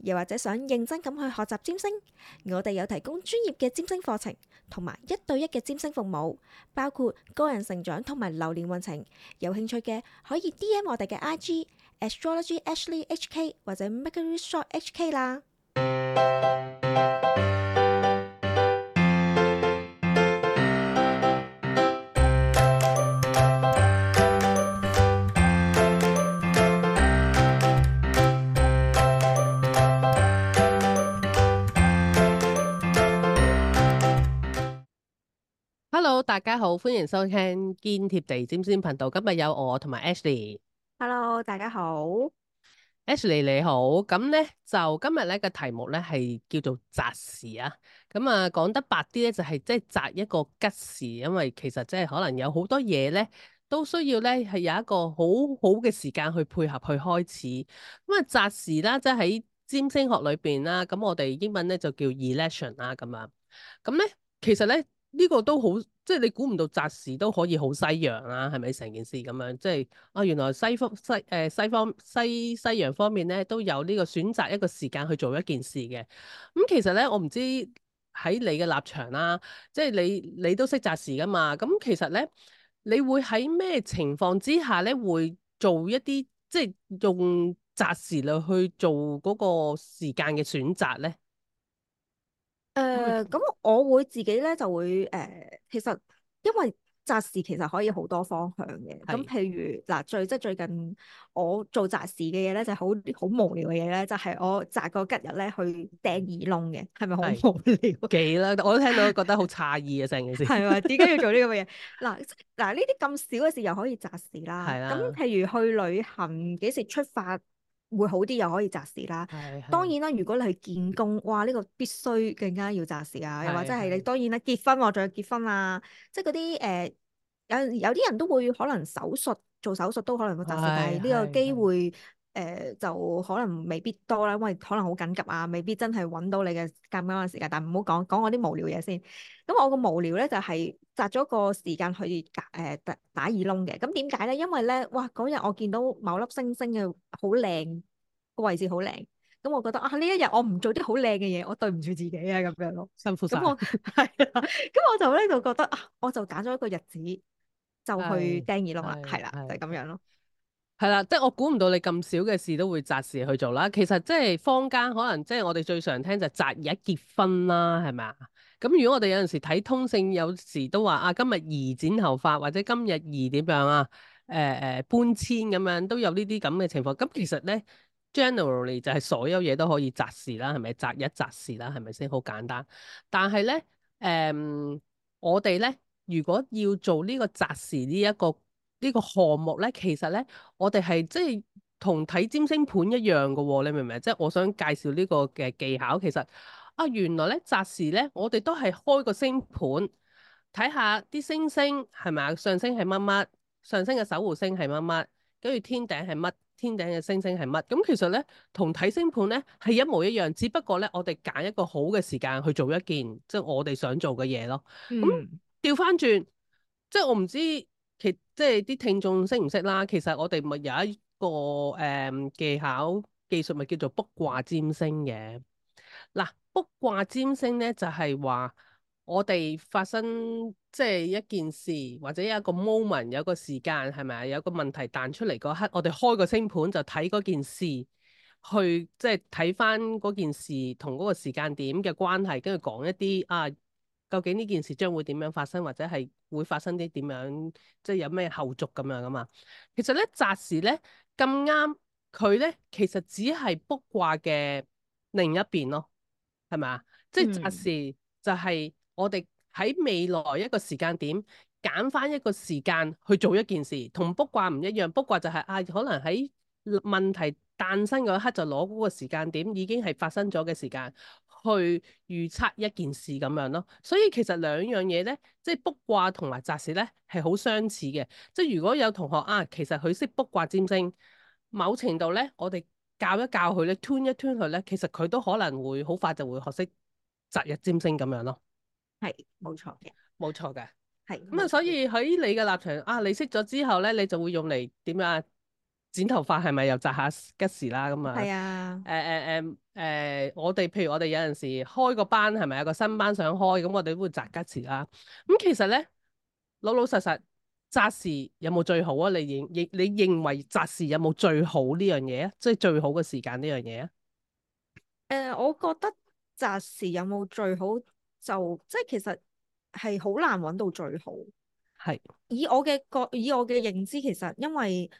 又或者想認真咁去學習占星，我哋有提供專業嘅占星課程，同埋一對一嘅占星服務，包括個人成長同埋流年運程。有興趣嘅可以 DM 我哋嘅 IG Astrology Ashley HK 或者 Mercury Shop HK 啦。大家好，歡迎收聽堅貼地占星頻道。今日有我同埋 Ashley。Hello，大家好，Ashley 你好。咁咧就今日咧個題目咧係叫做擇時啊。咁啊講得白啲咧就係即係擇一個吉時，因為其實即係可能有好多嘢咧都需要咧係有一個好好嘅時間去配合去開始。咁啊擇時啦，即係喺占星學裏邊啦。咁我哋英文咧就叫 election 啦咁樣。咁咧其實咧。呢個都好，即係你估唔到擇時都可以好西洋啦、啊，係咪成件事咁樣？即係啊，原來西方西誒西方西西洋方面咧都有呢個選擇一個時間去做一件事嘅。咁、嗯、其實咧，我唔知喺你嘅立場啦、啊，即係你你都識擇時噶嘛？咁、嗯、其實咧，你會喺咩情況之下咧會做一啲即係用擇時嚟去做嗰個時間嘅選擇咧？誒咁，呃、我會自己咧就會誒、呃，其實因為擇時其實可以好多方向嘅。咁的譬如嗱，最即係最近我做擇時嘅嘢咧，就係好好無聊嘅嘢咧，就係、是、我擇個吉日咧去釘耳窿嘅，係咪好無聊？幾啦，我都聽到覺得好詫異嘅、啊、成 件事。係啊，點解要做呢咁嘅嘢？嗱嗱，呢啲咁少嘅事又可以擇時啦。係啦的，咁譬如去旅行幾時出發？會好啲又可以擇時啦，這個啊是是。當然啦，如果你係見工，哇呢個必須更加要擇時啊。又或者係你，當然啦結婚，仲有結婚啊，即係嗰啲誒，有有啲人都會可能手術做手術都可能是是會擇時，但係呢個機會。誒、呃，就可能未必多啦，因為可能好緊急啊，未必真係搵到你嘅咁啱嘅時間。但係唔好講講我啲無聊嘢先。咁我個無聊咧就係擇咗個時間去誒打、呃、打耳窿嘅。咁點解咧？因為咧，哇，嗰日我見到某粒星星嘅好靚，個位置好靚。咁我覺得啊，呢一日我唔做啲好靚嘅嘢，我對唔住自己啊，咁樣咯。辛苦辛苦。咁那我係啦，咁 我就咧就覺得啊，我就揀咗一個日子就去釘耳窿啦，係啦，就咁樣咯。的係啦，即係我估唔到你咁少嘅事都會擇時去做啦。其實即係坊間可能即係我哋最常聽就擇日結婚啦，係咪啊？咁如果我哋有陣時睇通勝，有時都話啊，今日宜剪頭髮或者今日宜點樣啊？誒、呃、誒搬遷咁樣都有呢啲咁嘅情況。咁其實咧，generally 就係所有嘢都可以擇時啦，係咪？擇日擇時啦，係咪先？好簡單。但係咧，誒、嗯，我哋咧如果要做呢個擇時呢一個。呢個項目咧，其實咧，我哋係即係同睇占星盤一樣噶喎，你明唔明啊？即係我想介紹呢個嘅技巧，其實啊，原來咧，擇時咧，我哋都係開個星盤睇下啲星星係嘛，上升係乜乜，上升嘅守護星係乜乜，跟住天頂係乜，天頂嘅星星係乜，咁其實咧，同睇星盤咧係一模一樣，只不過咧，我哋揀一個好嘅時間去做一件即係我哋想做嘅嘢咯。咁調翻轉，即係我唔知。即係啲聽眾識唔識啦？其實我哋咪有一個誒、嗯、技巧技術咪叫做卜卦占星嘅。嗱，卜卦占星咧就係、是、話我哋發生即係一件事或者一有一個 moment 有個時間係咪啊？有個問題彈出嚟嗰刻，我哋開個星盤就睇嗰件事，去即係睇返嗰件事同嗰個時間點嘅關係，跟住講一啲啊。究竟呢件事將會點樣發生，或者係會發生啲點樣，即係有咩後續咁樣噶嘛？其實咧，擇時咧咁啱，佢咧其實只係卜卦嘅另一邊咯，係咪啊？即係擇時就係我哋喺未來一個時間點揀翻一個時間去做一件事，同卜卦唔一樣。卜卦就係啊，可能喺問題誕生嗰一刻就攞嗰個時間點，已經係發生咗嘅時間。去預測一件事咁樣咯，所以其實兩樣嘢咧，即係卜卦同埋擇時咧係好相似嘅。即係如果有同學啊，其實佢識卜卦占星，某程度咧，我哋教一教佢咧，推一推佢咧，其實佢都可能會好快就會學識擇日占星咁樣咯。係，冇錯嘅，冇錯嘅，係是。咁啊是、嗯，所以喺你嘅立場啊，你識咗之後咧，你就會用嚟點樣啊？剪頭髮係咪又擇下吉時啦？咁啊，係啊。誒誒誒誒，我哋譬如我哋有陣時開個班，係咪有個新班想開？咁我哋都會擇吉時啦。咁其實咧，老老實實擇時有冇最好啊？你認認你認為擇時有冇最好呢樣嘢啊？即係最好嘅時間呢樣嘢啊？誒，我覺得擇時有冇最好，就即係其實係好難揾到最好。係。以我嘅覺，以我嘅認知，其實因為。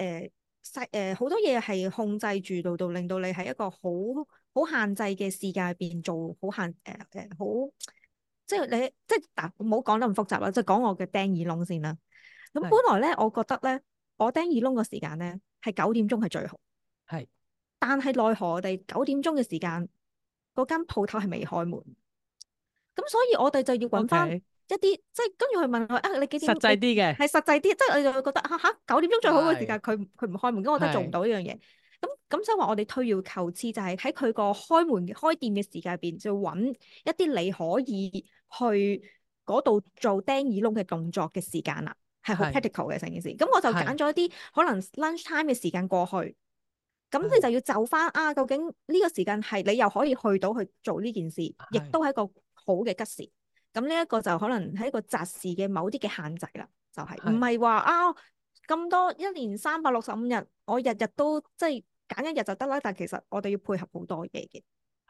誒細，誒，好多嘢係控制住到，到令到你喺一個好好限制嘅世界入邊做好限，誒，誒，好，即係你即係但唔好講得咁複雜啦，就講我嘅釘耳窿先啦。咁本來咧，我覺得咧，我釘耳窿嘅時間咧係九點鐘係最好。係是，但係奈何我哋九點鐘嘅時間嗰間鋪頭係未開門，咁所以我哋就要揾翻。一啲即係跟住佢問我：「啊，你幾點？實際啲嘅係實際啲，即係你就會覺得嚇嚇、啊、九點鐘最好嘅時間，佢佢唔開門咁，覺得是我真係做唔到呢樣嘢。咁咁所以話我哋退而求次，就係喺佢個開門開店嘅時間入邊，就揾一啲你可以去嗰度做釘耳窿嘅動作嘅時間啦，係好 practical 嘅成是件事。咁我就揀咗一啲可能 lunch time 嘅時間過去，咁是你就要走翻啊？究竟呢個時間係你又可以去到去做呢件事，亦都係一個好嘅吉時。咁呢一個就可能係一個擇時嘅某啲嘅限制啦，就係唔係話啊咁多一年三百六十五日，我日日都即係揀一日就得啦。但其實我哋要配合好多嘢嘅。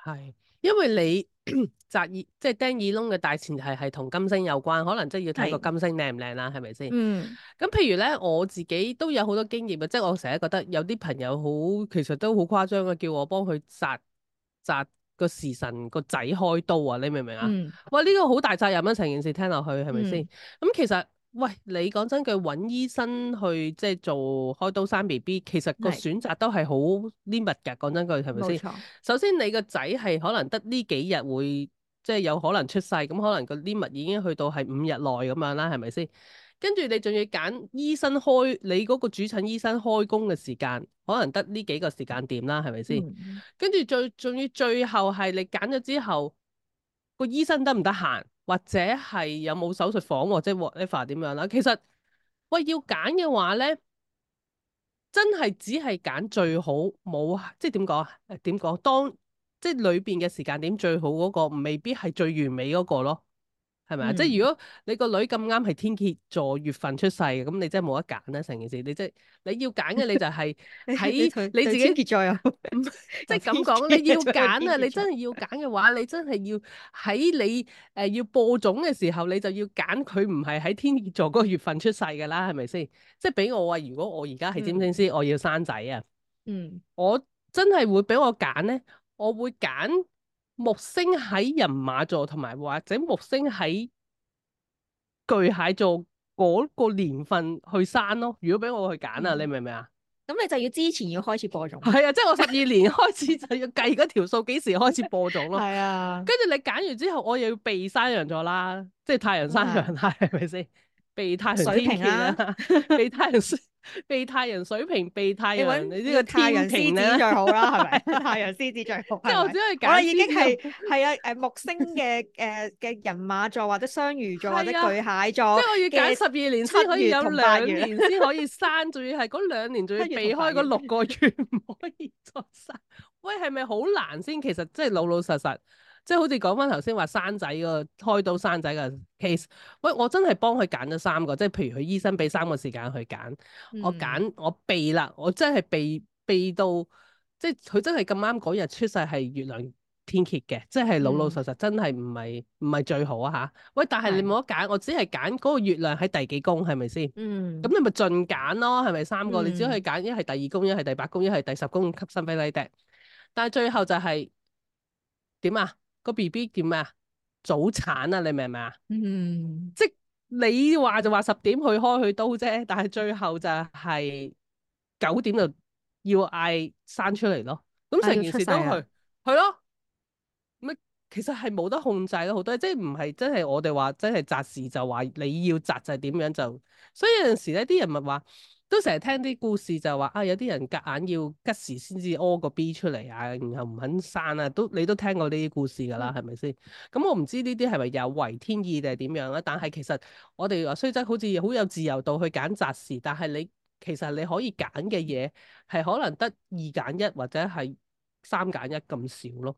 係，因為你擇耳即係釘耳窿嘅大前提係同金星有關，可能即係要睇個金星靚唔靚啦，係咪先？吧？嗯。咁譬如咧，我自己都有好多經驗嘅，即係我成日覺得有啲朋友好其實都好誇張嘅，叫我幫佢擇擇。個時辰個仔開刀啊！你明唔明啊？喂、嗯，呢、呢個好大責任啊！成件事聽落去係咪先？咁、嗯嗯、其實喂，你講真句，揾醫生去即係做開刀生 BB，其實個選擇都係好 limit 㗎。講是真句，係咪先？首先你個仔係可能得呢幾日會即係有可能出世，咁可能個 limit 已經去到係五日內咁樣啦，係咪先？跟住你仲要揀醫生開你嗰個主診醫生開工嘅時間，可能得呢幾個時間點啦，係咪先？嗯嗯，跟住再仲要最後係你揀咗之後，個醫生得唔得閒，或者係有冇手術房，即係 whatever 點樣啦。其實喂，要揀嘅話咧，真係只係揀最好冇，即係點講啊？點講？當即係裏邊嘅時間點最好嗰個，未必係最完美嗰個咯。係咪啊？嗯、即係如果你個女咁啱係天蠍座月份出世嘅，咁你真係冇得揀啦，成件事。你即係你要揀嘅，你就係喺 你自己結在啊。即係咁講，你要揀啊！你真係要揀嘅話，你真係要喺你誒、呃、要播種嘅時候，你就要揀佢唔係喺天蠍座嗰個月份出世嘅啦，係咪先？即係俾我話，如果我而家係占星師，嗯、我要生仔啊，嗯，我真係會俾我揀咧，我會揀，木星喺人馬座同埋或者木星喺巨蟹座嗰個年份去生咯，如果俾我去揀啊，嗯、你明唔明啊？咁你就要之前要開始播種，係啊，即係我十二年開始就要計嗰條數，幾時開始播種咯？係 啊，跟住你揀完之後，我又要被山羊座啦，即係太陽山羊係，係咪先？是吧 地太水平啦、啊，地太人地太人水平，地太人你呢個、啊、太陽獅子最好啦，係咪？ 太陽獅子最好，即係我只可以揀已經係係啊，誒、啊、木星嘅，誒嘅人馬座或者雙魚座或者巨蟹座、 嗯，即係我要揀十二年先可以有兩年先可以生，仲 要係嗰兩年仲要避開嗰六個月唔可以再生，喂，係咪好難先？其實即係老老實實。即係好似講翻頭先話生仔嗰個開刀生仔嘅 case，喂，我真係幫佢揀咗三個，即係譬如佢醫生俾三個時間去揀，我揀我避啦，我真係避避到，即係佢真係咁啱嗰日出世係月亮天蠍嘅，即係老老實實、嗯、真係唔係唔係最好啊嚇！喂，但係你冇得揀，是我只係揀嗰個月亮喺第幾宮係咪先？是是嗯，咁你咪盡揀咯，係咪三個？嗯、你只可以揀一係第二宮，一係第八宮，一係第十宮，吸身飛嚟啲，但係最後就係點啊？個 B B 叫咩啊？早產啊？你明唔明啊？嗯， 即係你話就話十點去開去刀啫，但係最後就係九點就要嗌生出嚟咯。咁成件事都去？去咯，咁其實係冇得控制咯，好多即係唔係真係我哋話真係擇時就話你要擇就係點樣就，所以有陣時咧啲人咪話。都成日聽啲故事就話啊，有啲人夾硬要吉時先至屙個 B 出嚟啊，然後唔肯生啊，都你都聽過呢啲故事㗎啦，係咪先？咁、嗯嗯、我唔知呢啲係咪有違天意定係點樣啦、啊。但係其實我哋話雖則好似好有自由度去揀擇時，但係你其實你可以揀嘅嘢係可能得二揀一或者係三揀一咁少咯。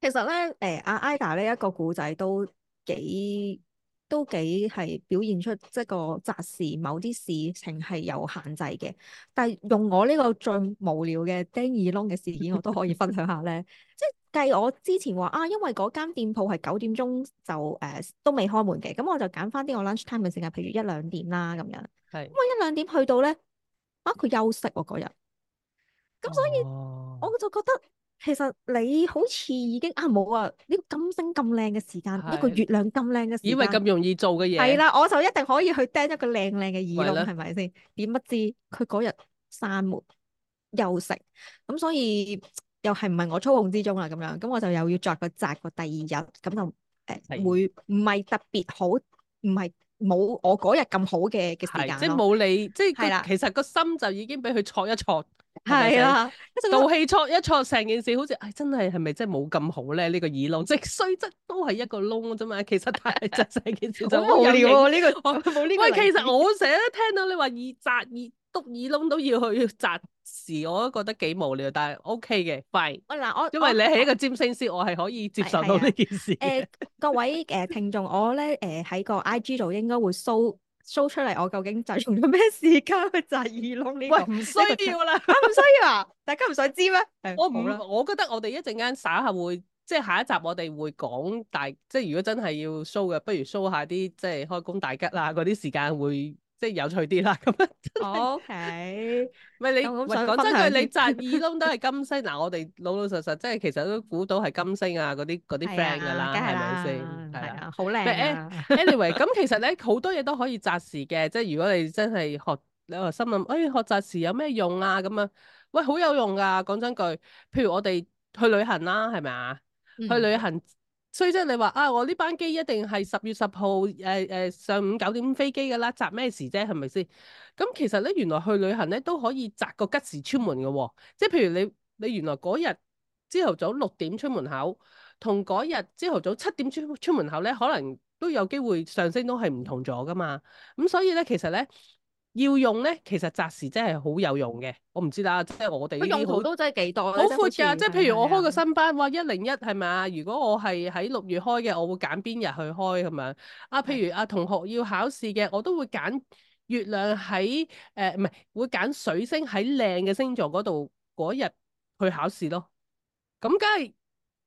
其實咧，誒、欸、阿 Ida 咧，一個故仔都幾～都幾係表現出即係個擇時，某啲事情係有限制嘅。但係用我呢個最無聊嘅釘耳窿嘅事件，我都可以分享下咧。即係計我之前話啊，因為嗰間店鋪係九點鐘就誒、呃、都未開門嘅，咁我就揀翻啲我 lunch time 嘅時間，譬如一兩點啦咁樣。係是，咁我一兩點去到咧，啊佢休息喎嗰日。咁所以我就覺得，哦其實你好似已經啊冇啊呢、這個金星咁靚嘅時間，的一個月亮咁靚嘅時間，以為咁容易做嘅嘢，係啦，我就一定可以去釘一個靚靚嘅耳窿，係咪先？點不知佢嗰日散沒又食，咁所以又係唔係我操控之中啊？咁樣，咁我就又要着個擇過第二日，咁就誒、呃、的會唔係特別好，唔係冇我嗰日咁好嘅嘅時間，即係冇你，即係的其實個心就已經俾佢挫一挫。係啊，就是、氣戳一做氣錯一錯成件事好，哎、是是好似唉真係係咪真冇咁好咧？呢、這個耳窿即雖則都係一個窿啫嘛。其實太就係件事就、啊， 好無聊呢、啊啊這個。 個喂，其實我成日都聽到你話耳扎耳督耳窿都要去擇時，我都覺得幾無聊。但係 O K 嘅，快。喂，嗱我，因為你係一個占星師，我係、呃、可以接受到呢件事。誒 啊，各位誒聽眾，我咧誒喺個 I G 度應該會 show。show 出嚟，我究竟就用咗咩時間拮耳窿呢個，喂，唔需要啦，唔需要啊！大家唔使知咩？我唔，我覺得我哋一陣間稍後會，即係下一集我哋會講大，即係如果真係要 show 嘅，不如 show 下啲即係開工大吉啦，嗰啲時間會。即係有趣啲啦，咁樣。O K，唔係你喂，講真句，你扎耳窿都係金星嗱，我哋老老實實即係其實都估到係金星啊，嗰啲啲 friend 㗎啦，係咪先？係啊，好靚啊。Anyway，咁其實咧好多嘢都可以擇時嘅，即係如果你真係學你又心諗，誒學擇時有咩用啊咁樣？喂，好有用㗎，講真句。譬如我哋去旅行啦，係咪啊？去旅行。所以即係你話啊，我呢班機一定係十月十號誒誒上午九點飛機㗎啦，擇咩事啫？係咪先？咁、嗯、其實咧，原來去旅行咧都可以擇個吉時出門嘅喎、哦。即係譬如你你原來嗰日朝頭早六點出門口，同嗰日朝頭早七點出出門口咧，可能都有機會上升都係唔同咗㗎嘛。咁、嗯、所以咧，其實咧。要用咧，其實擇時真係好有用嘅。我唔知啦，即係我哋用途都真係幾多，好闊㗎。即係譬如我開個新班，話一零一係咪？如果我係喺六月開嘅，我會揀邊日去開咁樣。啊，譬如啊同學要考試嘅，我都會揀月亮喺誒，唔、呃、係會揀水星喺靚嘅星座嗰度嗰日去考試咯。咁梗係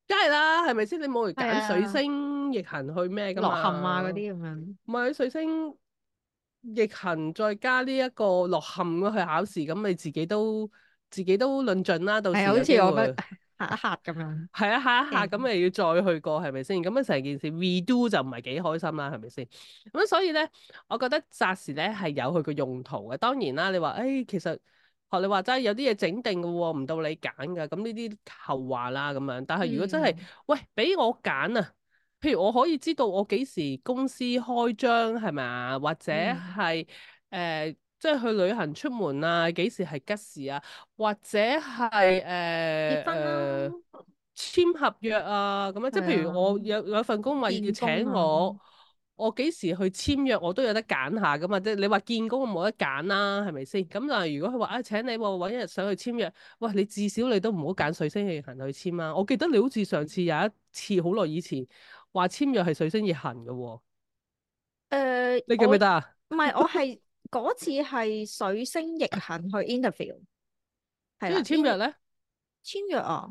梗係啦，係咪先？你冇理由揀水星、啊、逆行去咩咁嘛？落陷啊嗰啲咁樣。唔係水星。逆行再加呢一個落陷去考試，咁你自己都自己都論盡啦。到時好似 我得嚇一嚇咁樣。係啊，嚇一嚇咁咪要再去過，係咪先？咁樣成件事 redo 就唔係幾開心啦，係咪先？咁所以咧，我覺得暫時咧係有佢個用途嘅。當然啦，你話誒、哎、其實學你話齋有啲嘢整定嘅喎，唔到你揀㗎。咁呢啲後話啦咁樣。但係如果真係、嗯、喂俾我揀啊！譬如我可以知道我幾時公司開張係咪啊？或者係誒、嗯呃，即係去旅行出門啊？幾時係吉時啊？或者係誒、呃、結婚啊、呃、簽合約啊咁樣。啊、即係譬如我有有份工話要請我，啊、我幾時去簽約我都有得揀下噶嘛。即係你話見工我冇得揀啦、啊，係咪先？咁但嗱，如果佢話啊請你揾一日想去簽約，喂，你至少你都唔好揀水星逆行去簽啦、啊。我記得你好似上次有一次好耐以前。話簽約係水星逆行嘅喎、哦，誒、呃，你記唔記得啊？唔係，我係嗰次係水星逆行去 interview，係啊。 簽約咧，簽約啊，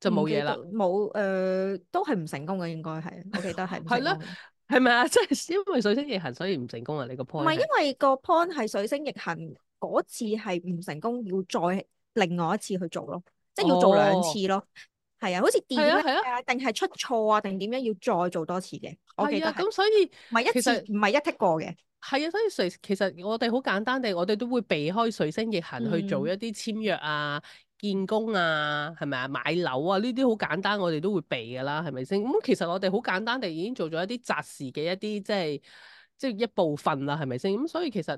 就冇嘢啦，冇誒、呃，都係唔成功嘅，應該係，我記得係。係啦 ，係咪啊？即係因為水星逆行，所以唔成功啊？你個 point 個 point 唔係因為個 point 係水星逆行嗰次係唔成功，要再另外一次去做咯，即係要做兩次咯。哦係啊，好似掂咗啊，定係的出錯啊，定點樣要再做多次嘅？的我記得。係啊，咁所以唔係一次唔係實一剔過嘅。係啊，所以水其實我哋好簡單地，我哋都會避開水星逆行去做一啲簽約啊、嗯、見工啊，係咪啊、買樓啊呢啲好簡單，我哋都會避㗎喇，係咪先？咁、嗯、其實我哋好簡單地已經做咗一啲擇時嘅一啲即係即係一部分啦，係咪先？咁所以其實。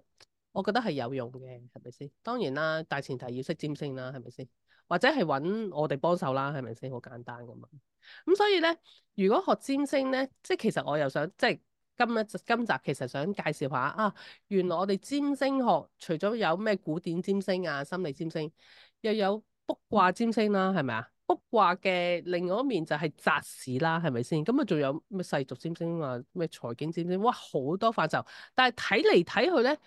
我覺得係有用嘅，係咪先？當然啦，大前提要識占星啦，係咪先？或者係搵我哋幫手啦，係咪先？好簡單噶嘛。咁所以咧，如果學占星咧，即係其實我又想即係今日今集其實想介紹下啊，原來我哋占星學除咗有咩古典占星啊、心理占星，又有卜卦占星啦，係咪啊？卜卦嘅另外一面就係擇時啦，係咪先？咁啊，仲有咩世俗占星啊？咩財經占星啊？哇，好多範疇，但係睇嚟睇去咧。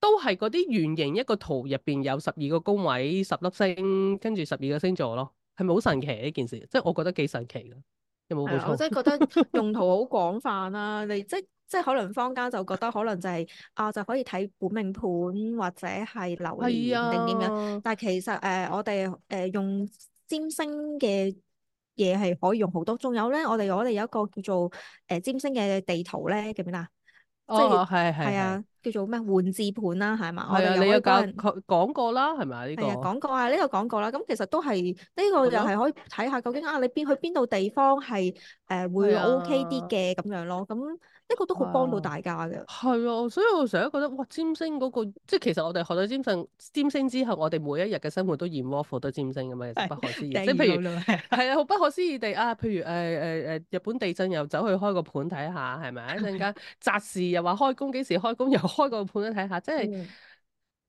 都係嗰啲圓形一個圖入邊有十二個宮位，十粒星，跟住十二個星座咯，係咪好神奇呢、啊、件事？即係我覺得幾神奇噶。有冇、啊、我即係覺得用途好廣泛啦、啊。 你即即係可能坊間就覺得可能就係、是、啊就可以睇本命盤或者係流年啊定點樣。但係其實誒、呃、我哋誒、呃、用占星嘅嘢係可以用好多。仲有咧，我哋我哋有一個叫做誒占星嘅地圖咧，咁樣啦？哦，係係啊。叫做咩換置盤啦，係嘛？啊，啊你有一、這個講過啦，係咪啊？呢個講過啊，呢個講過啦。咁其實都係呢、這個又係可以睇下，究竟啊你變去邊度地方係誒會 O K 啲嘅咁樣咯。咁呢個都好幫到大家嘅。係啊，啊，所以我成日覺得哇，占星嗰、那個即係其實我哋學到占星，占星之後，我哋每一日嘅生活都驗窩貨都占星咁啊，不可思議。即譬如係啊，好 不可思議地啊，譬如誒誒誒，日本地震又走去開個盤睇下，係咪啊一陣間擇時又話開工幾時開工又開工。開個盤一睇下，即係、嗯、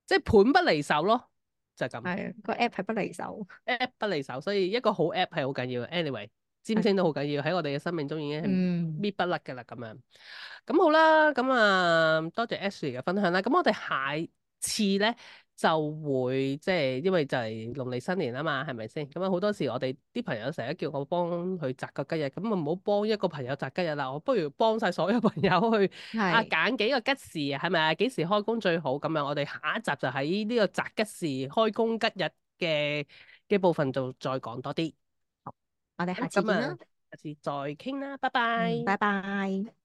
即係盤不離手咯，就係、是、咁。係啊，個 app 係不離手，app 不離手，所以一個好 app 係好緊要。anyway，占星都好緊要，喺我哋嘅生命中已經係搣不甩噶啦咁樣。咁好啦，咁啊多謝 Ashley 嘅分享啦。咁我哋下次咧。就會即係，因為就係農曆新年啊嘛，係咪先？咁啊好多時我哋啲朋友成日叫我幫佢摘個吉日，咁啊唔好幫一個朋友摘吉日啦，我不如幫晒所有朋友去是啊揀幾個吉時啊，係咪啊？幾時開工最好？咁樣我哋下一集就喺呢個摘吉時、開工吉日嘅嘅部分度再講多啲。好，我哋下次咁啊，下次再傾啦，拜拜，嗯、拜拜。